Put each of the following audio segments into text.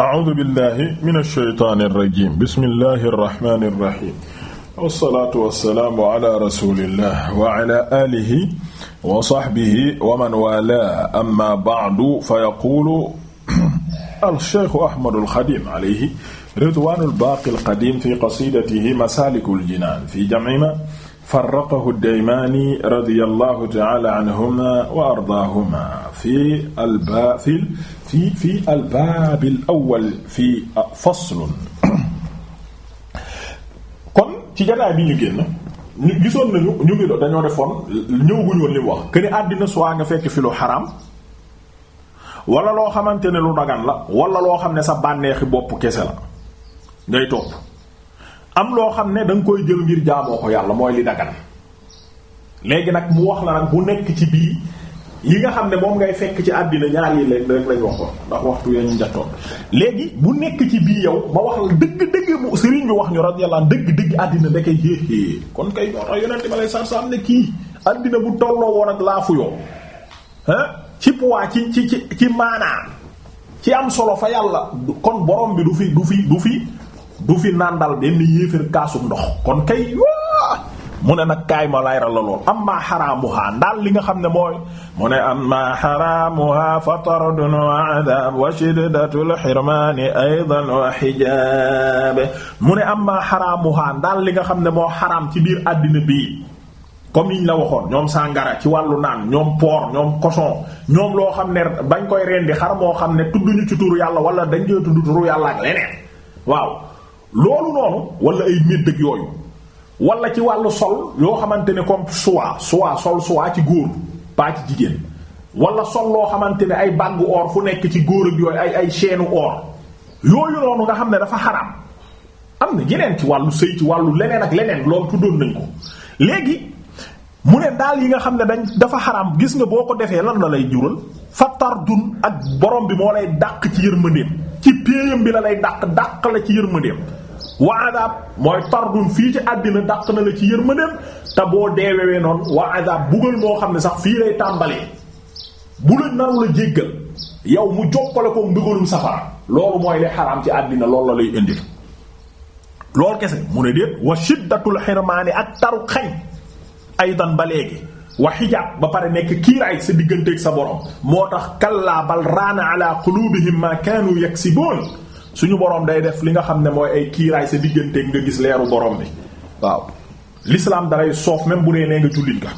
a'uudu billahi mina shaytaani rajiim bismillahi rahmaani rahiim wassalaatu wassalaamu ala rasulillah wa ala aalihi wa sahbihi wa man waalaahu amma ba'du fa yaquulu al-shaykhu Ahmadul Xadiim alayhi ridwaanul baaqil qadiim fi qasiidatihi masaalikul jinaan fi jam'i maa farraqahu Daymaani radiyallahu ta'ala anhuma wa ardaahuma fi alba ci jataay bi ñu génn ñu gisoon nañu ñu nga fekk fi lu xaraam wala loo xamante ne lu dagan la wala loo xam ne sa bànneexi bopp kese la ngay topp. am loo xam ne da koy jël ngir jaamoo ko yàlla mooy li dagan léegi nag mu wax la nag bu nekk ci bii yi nga xam ne moom ngay fekk ci àddina ñaar yi lañ rek lañ wax ndax waxtu yañu njattoon léegi bu nekk ci bii yow ma wax la dëgg-dëgg mu sëriñ bi wax ñu radiyallahu dëgg-dëgg àddina ndeke jéexée kon kay moo tax yonente ma lay sarsam ne kii àddina bu tolloo woon ak laa fu yoo ci poids ci ci ci maanaam ci am solo fa yàlla kon borom du fi nàndal benn yéeféer kaasu ndox kon kay mu ne nag kaay ma layra la lool amma xaraamuha li nga xam ne mooy mu ne amma xaraamuha ne amma xaraamuha ndaal li nga xam ne moo xaraam ci biir àddina bii comme yiñ la waxoon ñoom sàngara ci wàllu naan ñoom porc ñoom cochon ñoom loo xam ne bañ koy rendi xar moo xam ne tudduñu ci turu yàlla wala dañ koy tudd turu yàlla leneen waaw loolu noonu wala ay médd ak yooyu wala ci wàll sol yoo xamante ne comme soie soie sol soie ci góor pas jigéen wala sol loo xamante ne ay bàggu or fu nekk ci góor ak yooyu ay ay chaîne or yooyu noonu nga xam ne dafa xaraam am na yeneen ci wàllu sëy ci wàllu leneen ak leneen loolu tuddoon nañ ko léegi mu ne daal yi nga xam ne dañ dafa xaraam gis nga boo ko defee lan la lay jural fattar dun ak borom bi moo lay dàq ci yërmandeem ci péeyam bi la lay dàq dàq la ci yërmandeem wa adab mooy tardun fii ci àddina dàq na la ci yërmandeem te boo deewewee noonu wa adab bugal moo xam ne sax fii lay tàmbalee bu la naru la jéggal yow mu jokkale ko mbugalum safara loolu mooy li xaraam ci àddina loolu la lay indil loolu kese mu ne déet wa shiddatul ak taru xañ aydan ba léegi wa xijaab ba pare nekk kii kiiraay sa digganteek sa borom moo tax kallaa bal raana ala qulubihim ma kaanu yaksiboon suñu borom day def li nga xam ne mooy ay kiiraay sa digganteeg nga gis leeru boroom bi waaw l'islam daray soof même bu dee nee nga jullit nga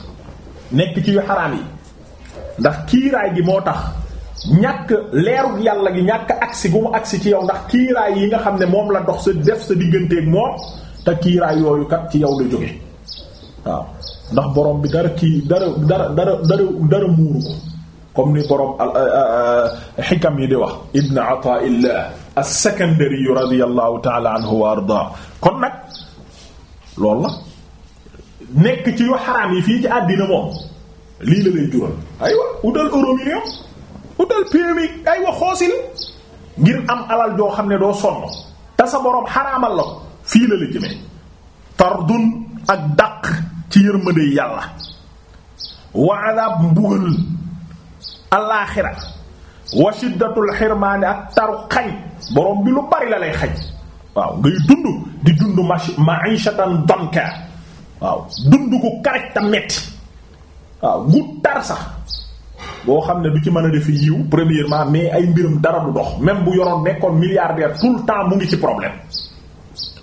nekk ci yu xaraam yi ndax kiiraay gi moo tax ñàkk leeru yàlla gi ñàkk agsi gu mu agsi ci yow ndax kiiraay yi nga xam ne moom la dox sa def sa digganteeg moom te kiiraay yooyu kat ci yow la jóge waaw ndax borom bi dara kii dara dara dara dara dara muuru ko comme ni borom xikam yi di wax ibn ataillah as-Sakandari radiyallahu taala anhu wa ardaa kon nag loolu la nekk ci yu xaraam yi fii ci àddina moom lii la lay jural aywa utal euro million utal PMI aywa xoosil ngir am alal joo xam ne doo sonn te sa boroom xaraamal la fii la la jëmee tardun ak dàq ci yërmande yàlla wa adab mbugal alaaxira wa shiddatul xirmaani ak taru xañ borom bi lu bari la lay xañ waaw ngay dund di dund ma'ishatan danka waaw dund ku karaj ta metti waaw gu tar sax boo xam ne du ci mën a def yiw premièrement mais ay mbirum dara du dox même bu yoroon nekkoon milliardaire tout le temps mu ngi ci problème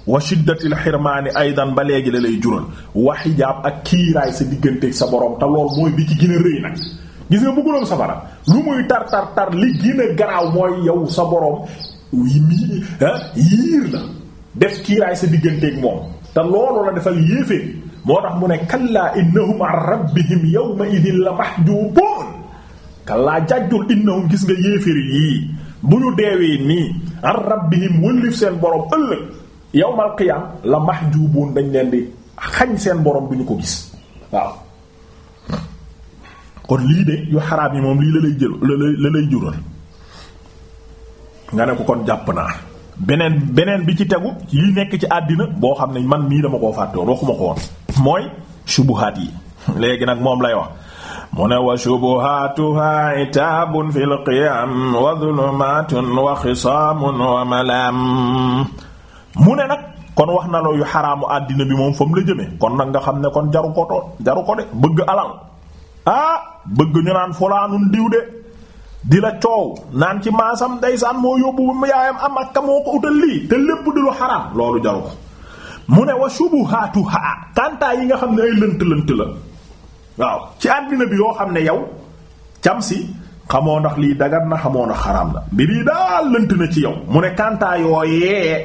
wa shiddatil xirmaani aydan ba léegi la lay jural wa xijaab ak kiiraay sa digganteeg sa borom te lool mooy bi ci gën rëy nag gis nga bëgguloon safara lu muy tar tar tar li gën garaaw mooy yow sa boroom mi ah, yiir la def kiiraay sa digganteeg moom te loolu la defal yéeféen moo tax mu ne kallaa innahum an rabbihim yawma idin la mahjuuboon kallaa jàjjul innahum gis nga yéefér yii bu ñu deewee nii an rabbihim wëllif seen boroom ëllëg yow qiyaam la mahjuuboon dañ leen di xañ seen boroom du ñu ko gis waaw kon lii de yu xaraam yi moom lii la lay jël la lay jural nga ne ko kon jàpp naa beneen beneen bi ci tegu yi nekk ci àddina boo xam ne man mii dama koo fàtte waxuma ko woon mooy subuhaat yi léegi nag moom lay wax mu ne wa subuhaatuha itaabun fi lqiyam wa zulumaatun wa xisaamun wa malaam mu ne nag kon wax na la yu xaraamu àddina bi moom fa mu la jëme kon nag nga xam ne kon jaru ko jaru ko de bëgg alal ah bëgg ñu naan fulaanun diw de di la coow naan ci maasam ndeysaan moo yóbbu mu yaayam am ak moo ko utal lii te lépp di lu xaraam loolu jaru ko mu ne wa subuhaatuha kantaa yi nga xam ne ay lënt lënt la waaw ci àndina bi yoo xam ne yow cam si xamoo ndax lii dagat na xamoo ndax xaraam na mbir yi daal lënt na ci yow mu ne kantaa yooyee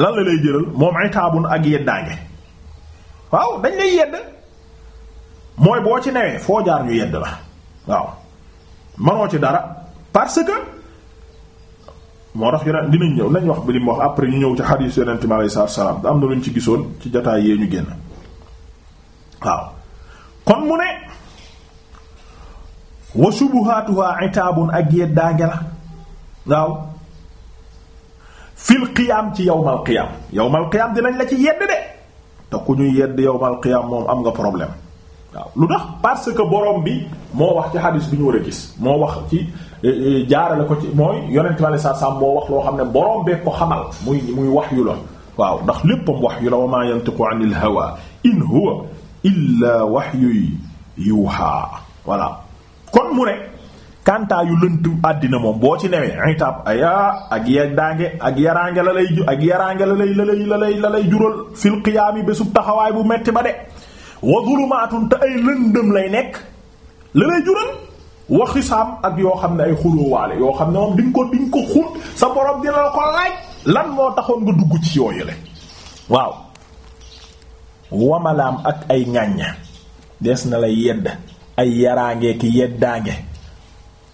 lan la lay jëral moom itaabun ak yeddaange waaw dañ lay yedd mooy boo ci newee foo jaar ñu yedd la waaw manoo ci dara parce que moo tax yeneen dinañ ñëw nañ wax bi lim wax après ñu ñëw ci xadiis yonent mi alayhi salaam am na luñ ci gisoon ci jataay yee ñu génn waaw kon mu ne wa subuhaatuha itaabun ak yeddaange la waaw fil qiyaam ci yawmal qiyaam yawmal qiyaam dinañ la ci yedd de te ku ñuy yedd yawmal qiyaam moom am nga problème waaw lu tax parce que borom bi moo wax ci hadis bi ñu war a gis moo wax ci eh, eh, jaarale ko ci mooy yonent bi sa saa moo wax loo xam ne borom bee ko xamal muy muy wax yu la waaw ndax léppam wax yu la wa ma yantiqu anil hawa in huwa illa wahyu yuha voilà kon mu ne kantaa yu lënt àddina moom boo ci newee itab aya ak ya daange ak yaraange la lay ak yaraange la lay la lay la lay la lay jural fil qiyaami bésub taxawaay bu metti ba de wa zulumaatun te ay lëndëm lay nekk la lay jural wa ak yoo xam ne ay xulóowaale yoo xam ne moom di ko di ko xul sa borom dina la ko laaj lan moo taxoon nga dugg ci yooyu le waaw wamalaam ak ay ŋàñña des na lay yedd ay yaraange ki yeddaange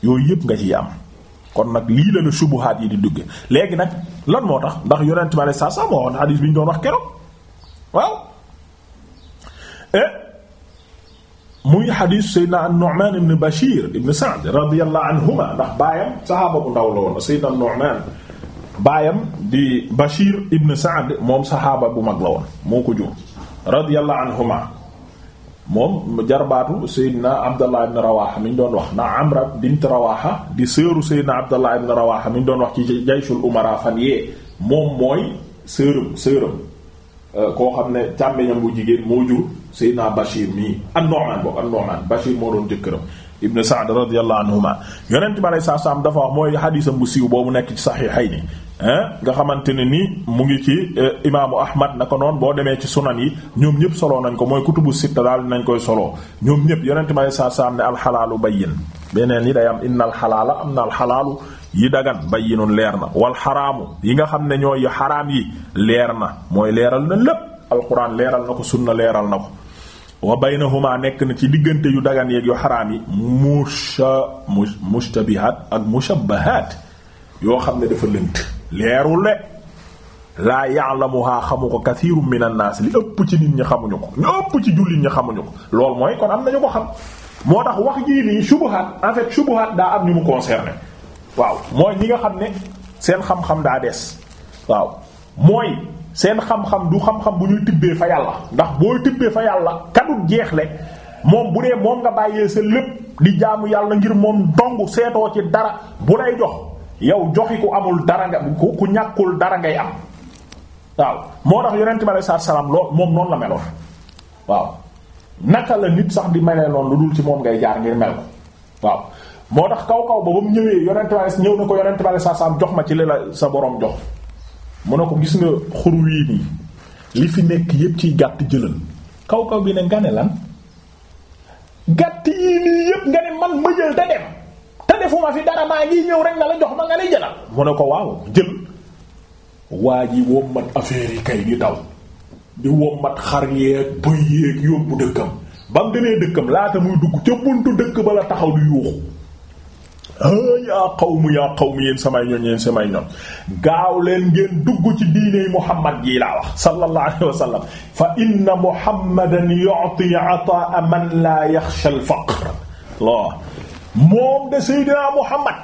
yooyu yëpp nga ciy am kon nag lii la la subuhaat yi di dugge léegi nag lan moo tax ndax yonent bi alei sat salam moo woon xadiis bi ñu doon wax keroog waaw Eh? muy xadiis Seydina Nu'man ibn Bashir ibn Sa'd radiyallahu anhuma ndax baayam saxaaba bu ndaw la woon Seydina Nu'man baayam di Bashir ibn Sa'd moom saxaaba bu mag la woon moo ko jur radiyallahu anhuma moom jarbaatu Seydina Abdallah ibn Rawaha mi ñu doon wax na Amra bint Rawaha di sëru Seydina Abdallah ibn Rawaha mi ñu doon wax ci jayshul umara fan yee moom mooy sëram sëram eh, koo xam ne càmmeñam bu jigéen moo jur Seydina Bachir mii ak Nu'man boobu ak Nu'man Bachir moo doon jëkkëram Ibn Sa'd radiyallahu anhuma yonent bi alayhi salaam dafa wax mooy xadiisam bu siiw boobu nekk ci Sahihayni nga xamante ne ni mu ngi ci eh, imaamu Ahmad ko noon boo demee ci sunan yi ñoom ñëpp soloo nañ ko mooy kutubu sitta daal nañ koy solo ñoom ñëpp yonent bi alayhi salaam ne alxalaalu bayyin beneen yi day am innal xalaala am na alxalaalu yi dagan bayyinun leer na wal xaraamu yi nga xam ne ñooy xaraam yi leer na mooy leeral na lépp. alquran leeral na ko sunna leeral na ko wa baynahuma nekk na ci diggante yu dagan yeeg yu xaraam yi musha mushtabihat ak mushabbahat yoo xam ne dafa lënt leerul le laa ya'lamuha xamu ko kathiru min an-nas li ëpp ci nit ñi xamuñu ko ñu ëpp ci jullit ñi xamuñu ko loolu mooy kon am nañu ko xam moo tax wax jii nii shubuhat en fait daa am ñu mu concerné waaw mooy ñi nga xam ne seen xam-xam daa des waaw mooy seen xam-xam du xam-xam bu ñuy tibbee fa yàlla ndax booy tibbee fa yàlla kadut jeexle moom bu dee moom nga bàyyee sa lépp di jaamu yàlla ngir moom dong seetoo ci dara bu lay jox yow joxi ku amul dara nga ku ku ñàkkul dara ngay am waaw moo tax yonent bi alei salaatu salaam lool moom noonu la meloon waaw naka la nit sax di melee lu dul ci moom ngay jaar ngir mel ko waaw moo tax kaw kaw ba ba mu ñëwee yonent bi ñëw na ko yonent bi alei salaatu salaam jox ma ci li la sa borom jox mu ne ko gis nga xur wii nii li fi nekk yépp ciy gàtt jëlal kaw kaw bi ne nga ne lan gàtt yii nii yépp nga ne man ma te dem te defuma fi dara maa ngi ñëw rek nga la jox ma nga ne jëlal mu ne ko waaw jël waa ji wommat affaire yi kay di daw di wommat xar yeeg bëy yeeg yóbbu dëkkam ba mu dëkkam laata muy dugg ca buntu dëkk ba la taxaw di yuuxu Ah, yaa qawmu yaa qawmu yéen samay ñoon yéen samay ñoon gaaw leen ngeen dugg ci diine muhammad gii laa wax sallallahu alayhi wa sallam fa inna muhammadan yu'ti 'ataa man laa yaxsha al-faqr laa moom de seydinaa muhammad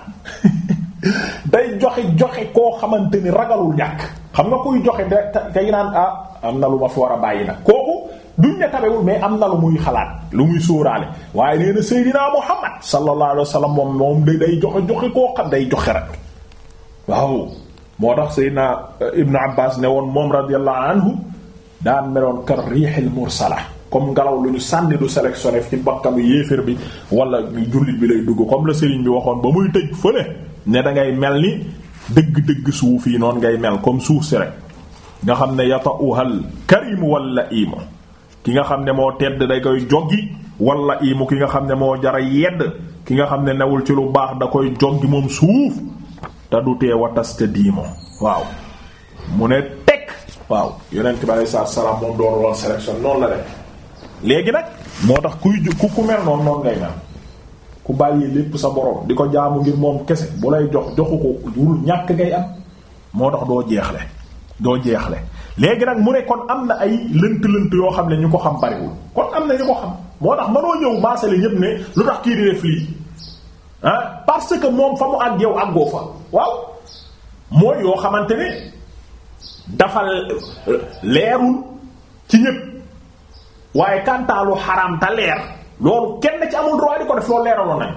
day joxe joxe koo xamante ni ragalul ñàkk xam nga kuy joxe de kay naan ah am na lu ma fi war a bàyyi nag duñ ne tabewul mais am na lu muy xalaat lu muy sóoraale waaye nee na Seydina Muhammad sallallahu alayhi wa sallam moom moom day day joxe joxe koo xam day joxe rek waaw moo tax Seydina euh, Ibnu Abbas ne woon moom radiyallahu anhu daa meloon kar riixil mursala comme ngelaw lu ñu sànni du sélectionné ci bakkanu yéefér bi wala jullit bi lay dugg comme la Serigne bi waxoon ba muy tëj fële ne da ngay mel ni dëgg-dëgg suuf yi noonu ngay mel comme suuf si rek nga xam ne yata'uhal karimu wala imu ki nga xam ne moo tedd da koy joggi wala imu ki nga xam ne moo jara yedd ki nga xam ne newul ci lu baax da koy joggi moom suuf te du tee watas te diimo waaw mu ne teg waaw yonent bi alei salaatu salaam moom doo lool sélection noonu la rek léegi nag moo tax kuy ku ku mel noonu noonu ngay mel ku bàyyi lépp sa borom di ko jaamu ngir moom kese bu lay jox joxu ko wul ñàkk ngay am moo tax doo jeexle doo jeexle léegi nag mu ne kon am na ay lënt-lënt yoo xam ne ñu ko xam bariwul kon am na ñu ko xam moo tax mënoo ñëw maasale ñépp ne lu tax kii di def lii ah parce que moom fa mu àgg yow àggoo fa waaw mooy yoo xamante ne dafa leerul ci ñépp waaye kantaalu xaraam ta leer loolu kenn ci amul droit di ko def loolu leeraloon nañ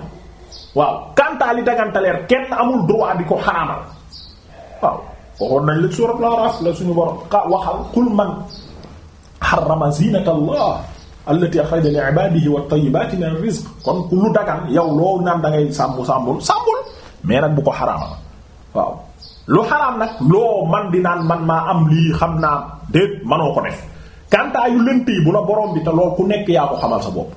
waaw kantaali daganta leer kenn amul droit di ko xaraamal waaw waxoon nañ la suuratul Araf la suñu borom waxal qul man harrama zinata allah allati akhraja li ibadihi wat tayyibati min rizq kon ku lu dagan yow loo naan da ngay sàmmul sàmmul mais nag bu ko xaraama waaw lu xaraam nag loo man di naan man maa am lii xam naa déet manoo ko def kantaa yu lënt yi bu la borom bi te lool ku nekk yaa ko xamal sa bopp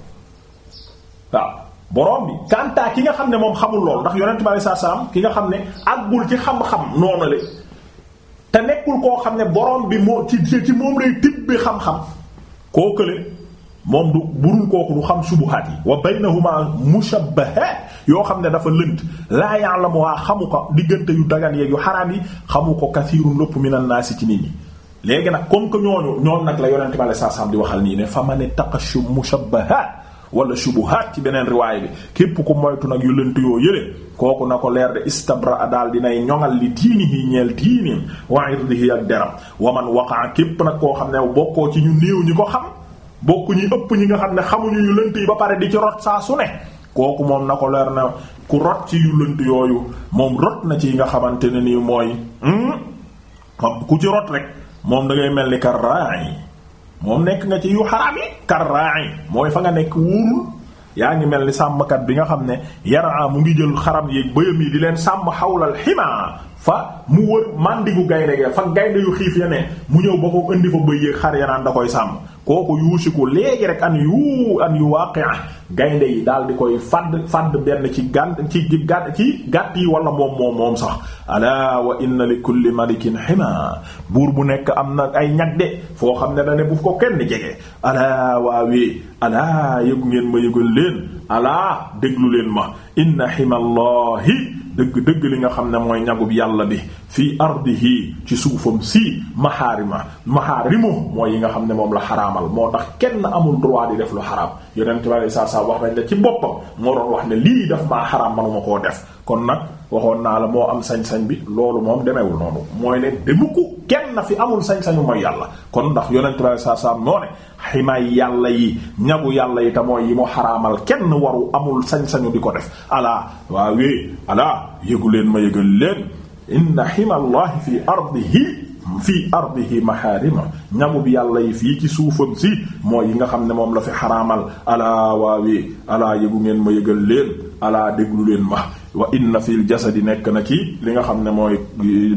waaw borom bi kantaa ki nga xam ne moom xamul lool ndax yonent bi sallallahu alayhi ki nga xam ne àggul ci xam te nekkul koo xam ne borom bi moo ci ci moom lay tibbi xam-xam koo kële moom du burul kooku du xam subuhaat yi wa baynahuma mushabbahat yoo xam ne dafa lënt laa ya'lamuha xamu ko diggante yu dagan yeeg yu xaraam yi xamu ko kasiirun lëpp minan naasi ci nit ñi léegi nag comme que ñooñu ñoon nag la yonente bi sallallahu alayhi di waxal nii ne fa man ittaqa mushabbahat wala shubuhaat ci beneen riwaay bi képp ku moytu nag yu lënt yoo yére kooku na ko leer de istabraa daal dinay ñoŋal li diinihi ñeel diini wa irdihi ak deram waman waxaan képp nag koo xam ne bokkoo ci ñu néew ñi ko xam bokk ñi ëpp ñi nga xam ne xamuñu yu lënt yi ba pare di ci rot saa su ne kooku moom na ko leer na ku rot ci yu lënt yooyu moom rot na ci yi nga xamante ne nii mooy hmm, ku ci rot rek moom da ngay mel ni ka raay moom nekk nga ci yu xaraam yi karra'i mooy fa nga nekk wóorul yaa ngi mel ni sàmmkat bi nga xam ne yaraa mu ngi jël xaram yeeg bëyam yi di leen sàmm xawlal xima fa mu wër mandigu gaynde ga fa gaynde yu xiif ya ne mu ñëw ba ko indi fa bëy yeeg xar ya naan da koy sàmm kooku yuusiku léegi rek an yu an yu waaqia gaynde yi daal di koy fadd fadd benn ci gàn ci ci gàtt yi wala moom moom moom sax ala wa inna li kulli malikin xima buur bu nekk am na ay ñag de foo xam ne dane bu ko kenn jege ala waawee alaa yëgu ngeen ma yëgal leen alaa déglu leen ma inna ximallahi dëgg dëgg li nga xam ne mooy ñagub yàlla bi fii ardihi ci suufam si maxaarima maxaarimu mooy yi nga xam ne moom la xaraamal moo tax kenn amul droit di def lu xaraam yonent bi alei saatu wax nañ la ci boppam moo doon wax ne lii daf maa xaraam manuma koo def kon nag waxoon naa la moo am sañ-sañ bi loolu moom demewul noonu mooy ne ko kenn na fi amul sañ-sañu mooy yàlla kon ndax yonent bi alei saatu noo ne ximaay yàlla yi ñagu yàlla yi te mooy yi mu xaraamal kenn waru amul sañ-sañu di ko def alaa waawee alaa yëgu inna himallahi fi ardihi fii ardihi maharima ñamub yàlla yi fii ci suufam si mooy yi nga xam ne moom la fi xaraamal alaa waawi alaa yëgu ngeen ma yëgal leen alaa déglu leen ma wa inna fil jasadi nekk na ci li nga xam ne mooy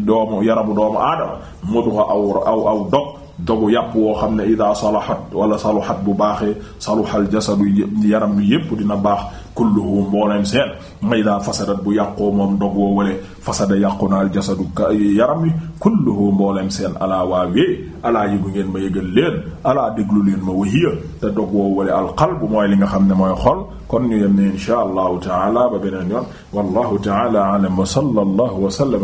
doomu yaramu doomu aadama mudgha aw aw dog dogu yàpp woo xam ne ida salahat wala saluhat bu baaxee saluhal jasadu yaram bi yépp dina baax kulluhu mbooleem seen ma ida fasadat bu yàqoo moom dog woo wale fasada yàqu naal jasadu yaram wi kulluhu mbooleem seen alaa waawee alaa yëgu ma yëgal leen alaa déglu leen ma wahiya te dog woo wale alqalbu mooy li nga xam ne mooy xool kon ñu yem ne inshaa allahu taala ba beneen yoon wallahu wa sallallahu wa sallam